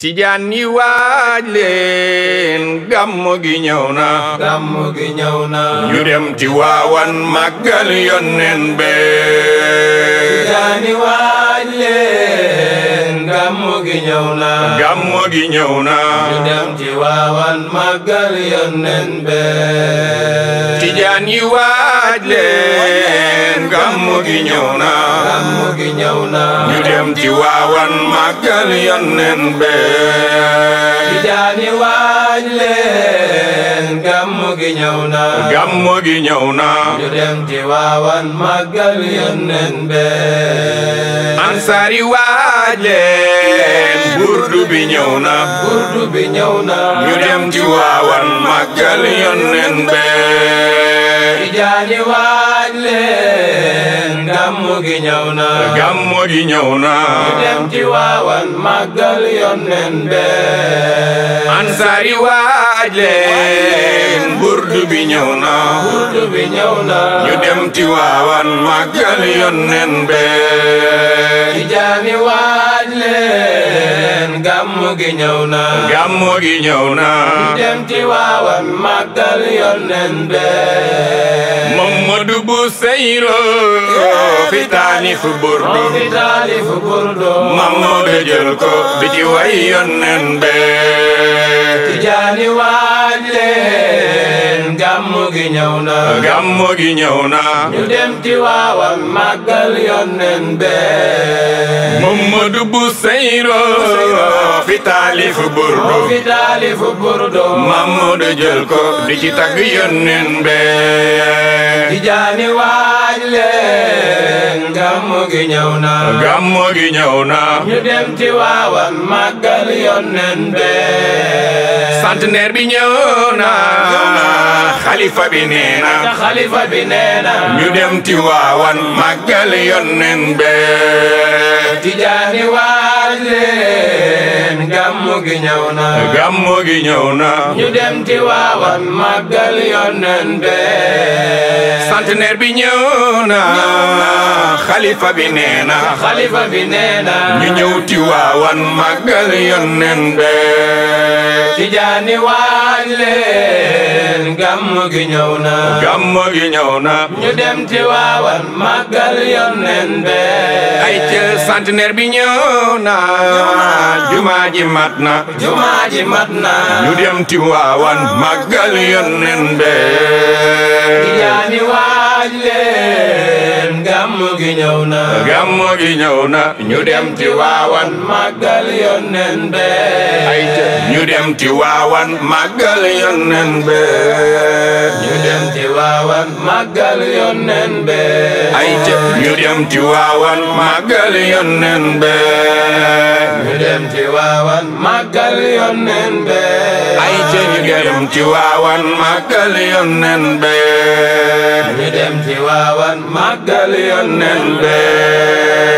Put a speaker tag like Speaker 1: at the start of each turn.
Speaker 1: tijaan yi waaj leen gàmmu gi ñëw na gàmmu ti waawan màggal yonnen be tijaan gi ñëw na gàmmu gi ñëw na ñu dem ci waawan màggal yónneen bee tijaan yi waaj leen gàmmu gi ñëw na gàmmu gi ñëw na ñu dem ci waawan màggal yónneen tijaani ñu dem ci waawan màggal yónneen bee ansari Tijaani waaj leen gàmmu gi ñëw na gàmmu gi ñëw na ñu dem ci waawan màggal yónneen bee Ansari waaj leen burdu bi ñëw na burdu bi ñëw na ñu dem ci waawan màggal yónneen bee Tijaani waaj leen gàmmu gi ñëw ñëw na dem ci waawan màggal yónneen bee Mamadu bu seyro fi taalif burdu fi taalif burdu Mamadu jël ko bi ci way yónneen bee Tijaani waaj leen gàmmu gi ñëw na gàmmu ñu dem ci waawan màggal yónneen bee Mamadu bu bi ñëw na xalif xalifa bi nee ñu dem ti waawan màggal yonnen bee tijaani waaj leen gàmmu gi ñu dem ti waawan màggal yonnen bee centenaire bi xalifa bi nee ñu ñëw ti waawan màggal yonnen bee Tijaani waaj leen gàmm gi ñëw na ñu dem ci waawan màggal yónneen be ay ci centenaire bi ñëw na juma ji mat na ñu dem ci waawan màggal yónneen be gi ñëw na gàmmu gi ñëw na ñu ti waawan màggal yonnen be ay dem ci waawan màggal yónneen be ñu dem ci waawan màggal yónneen be